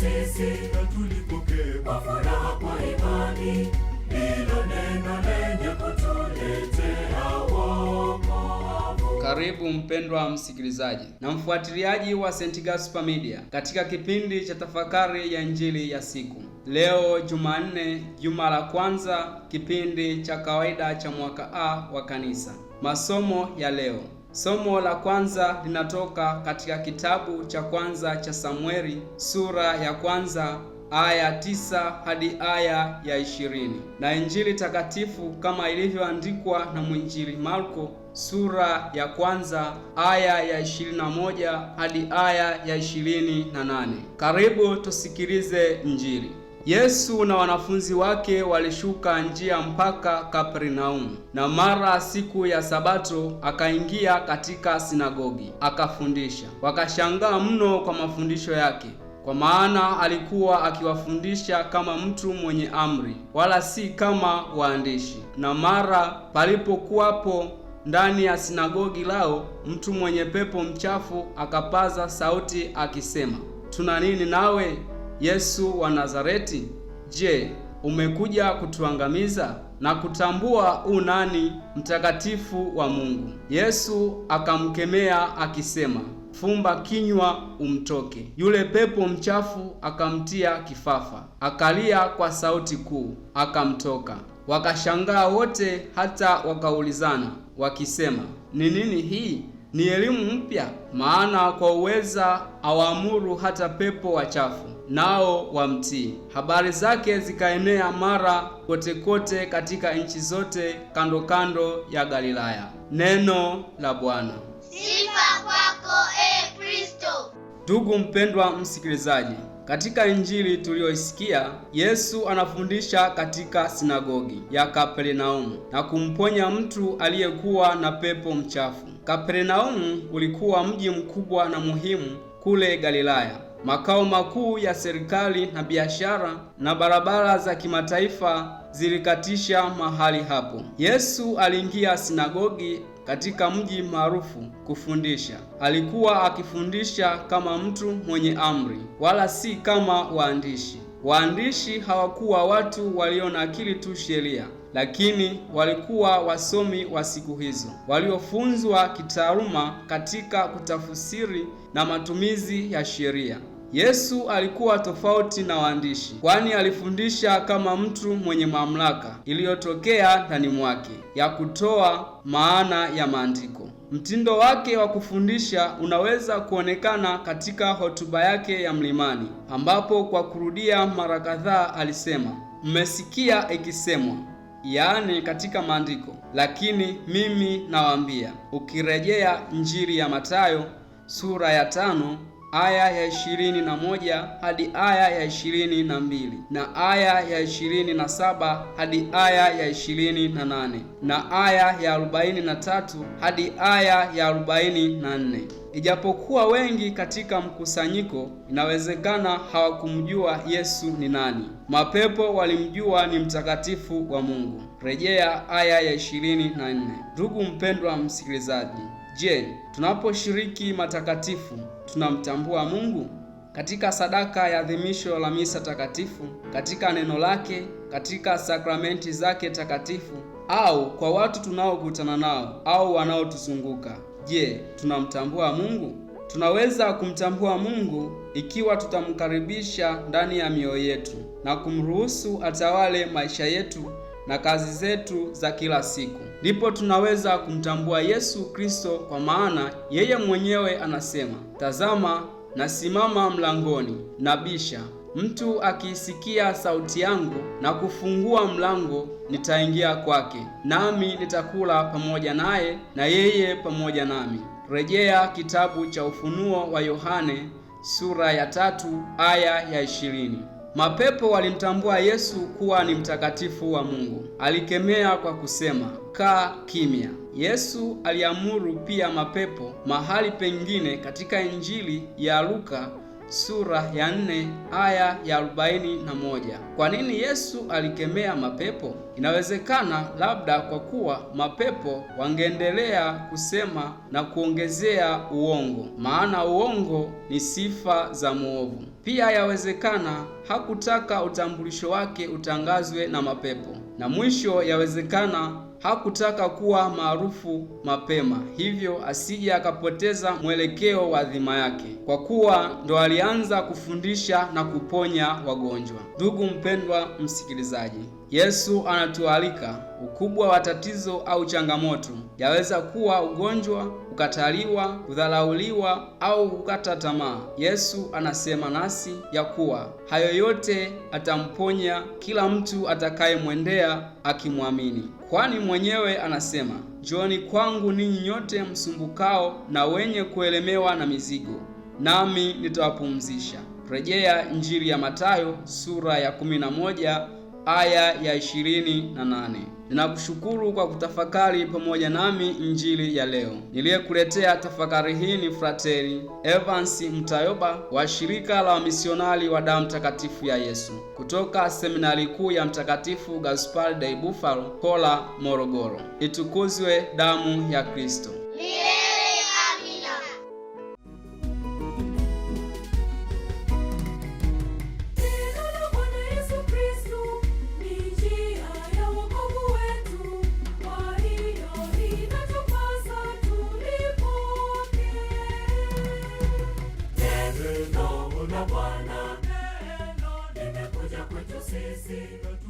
sisi na tulipokee kwa furaha kwa imani hilo neno lenye kutuletea Karibu mpendwa msikilizaji na mfuatiliaji wa St. Gaspar Media katika kipindi cha tafakari ya Injili ya siku Leo Jumanne, juma la kwanza, kipindi cha kawaida cha mwaka A wa Kanisa. Masomo ya leo Somo la kwanza linatoka katika kitabu cha kwanza cha samweli sura ya kwanza aya tisa hadi aya ya ishirini na Injili takatifu kama ilivyoandikwa na mwinjili Marko sura ya kwanza aya ya ishirini na moja hadi aya ya ishirini na nane. Karibu tusikilize Injili. Yesu na wanafunzi wake walishuka njia mpaka Kapernaum, na mara siku ya Sabato akaingia katika sinagogi akafundisha. Wakashangaa mno kwa mafundisho yake, kwa maana alikuwa akiwafundisha kama mtu mwenye amri, wala si kama waandishi. Na mara palipokuwapo ndani ya sinagogi lao mtu mwenye pepo mchafu akapaza sauti akisema, tuna nini nawe Yesu wa Nazareti, je, umekuja kutuangamiza? Na kutambua u nani mtakatifu wa Mungu. Yesu akamkemea akisema, fumba kinywa umtoke. Yule pepo mchafu akamtia kifafa, akalia kwa sauti kuu, akamtoka. Wakashangaa wote, hata wakaulizana wakisema, ni nini hii? ni elimu mpya, maana kwa uweza awaamuru hata pepo wachafu nao wamtii. Habari zake zikaenea mara kote kote katika nchi zote kando kando ya Galilaya. Neno la Bwana. Sifa kwako Ndugu mpendwa msikilizaji, katika injili tuliyoisikia, Yesu anafundisha katika sinagogi ya Kapernaumu na kumponya mtu aliyekuwa na pepo mchafu. Kapernaumu ulikuwa mji mkubwa na muhimu kule Galilaya, makao makuu ya serikali na biashara na barabara za kimataifa zilikatisha mahali hapo. Yesu aliingia sinagogi katika mji maarufu kufundisha. Alikuwa akifundisha kama mtu mwenye amri, wala si kama waandishi. Waandishi hawakuwa watu walio na akili tu sheria, lakini walikuwa wasomi wa siku hizo waliofunzwa kitaaluma katika kutafsiri na matumizi ya sheria. Yesu alikuwa tofauti na waandishi, kwani alifundisha kama mtu mwenye mamlaka iliyotokea ndani mwake ya kutoa maana ya maandiko. Mtindo wake wa kufundisha unaweza kuonekana katika hotuba yake ya mlimani, ambapo kwa kurudia mara kadhaa alisema, mmesikia ikisemwa, yaani katika maandiko, lakini mimi nawaambia. Ukirejea Injili ya Mathayo sura ya tano aya ya ishirini na moja hadi aya ya ishirini na mbili na aya ya ishirini na saba hadi aya ya ishirini na nane na aya ya arobaini na tatu hadi aya ya arobaini na nne. Ijapokuwa wengi katika mkusanyiko inawezekana hawakumjua Yesu ni nani, mapepo walimjua ni mtakatifu wa Mungu. Rejea aya ya ishirini na nne. Ndugu mpendwa msikilizaji Je, tunaposhiriki matakatifu tunamtambua Mungu? Katika sadaka ya adhimisho la misa takatifu, katika neno lake, katika sakramenti zake takatifu, au kwa watu tunaokutana nao au wanaotuzunguka, je, tunamtambua Mungu? Tunaweza kumtambua Mungu ikiwa tutamkaribisha ndani ya mioyo yetu na kumruhusu atawale maisha yetu na kazi zetu za kila siku ndipo tunaweza kumtambua Yesu Kristo, kwa maana yeye mwenyewe anasema, tazama nasimama mlangoni nabisha, mtu akiisikia sauti yangu na kufungua mlango, nitaingia kwake, nami nitakula pamoja naye na yeye pamoja nami. Rejea kitabu cha Ufunuo wa Yohane sura ya tatu aya ya ishirini. Mapepo walimtambua Yesu kuwa ni mtakatifu wa Mungu. Alikemea kwa kusema, kaa kimya. Yesu aliamuru pia mapepo mahali pengine katika Injili ya Luka sura ya nne aya ya arobaini na moja. Kwa nini Yesu alikemea mapepo? Inawezekana labda kwa kuwa mapepo wangeendelea kusema na kuongezea uongo, maana uongo ni sifa za mwovu. Pia yawezekana hakutaka utambulisho wake utangazwe na mapepo, na mwisho yawezekana hakutaka kuwa maarufu mapema, hivyo asije akapoteza mwelekeo wa dhima yake, kwa kuwa ndo alianza kufundisha na kuponya wagonjwa. Ndugu mpendwa msikilizaji, Yesu anatualika. Ukubwa wa tatizo au changamoto yaweza kuwa ugonjwa, kukataliwa, kudhalauliwa au kukata tamaa. Yesu anasema nasi ya kuwa hayo yote atamponya kila mtu atakayemwendea akimwamini kwani mwenyewe anasema, njooni kwangu ninyi nyote msumbukao na wenye kuelemewa na mizigo, nami nitawapumzisha. Rejea Injili ya Mathayo sura ya 11 aya ya ishirini na nane. Ninakushukuru kwa kutafakari pamoja nami injili ya leo. Niliyekuletea tafakari hii ni Frateri Evans Mtayoba wa shirika la wamisionari wa damu takatifu ya Yesu kutoka seminari kuu ya Mtakatifu Gaspar de Bufalo, Kola, Morogoro. Itukuzwe damu ya Kristo! sisi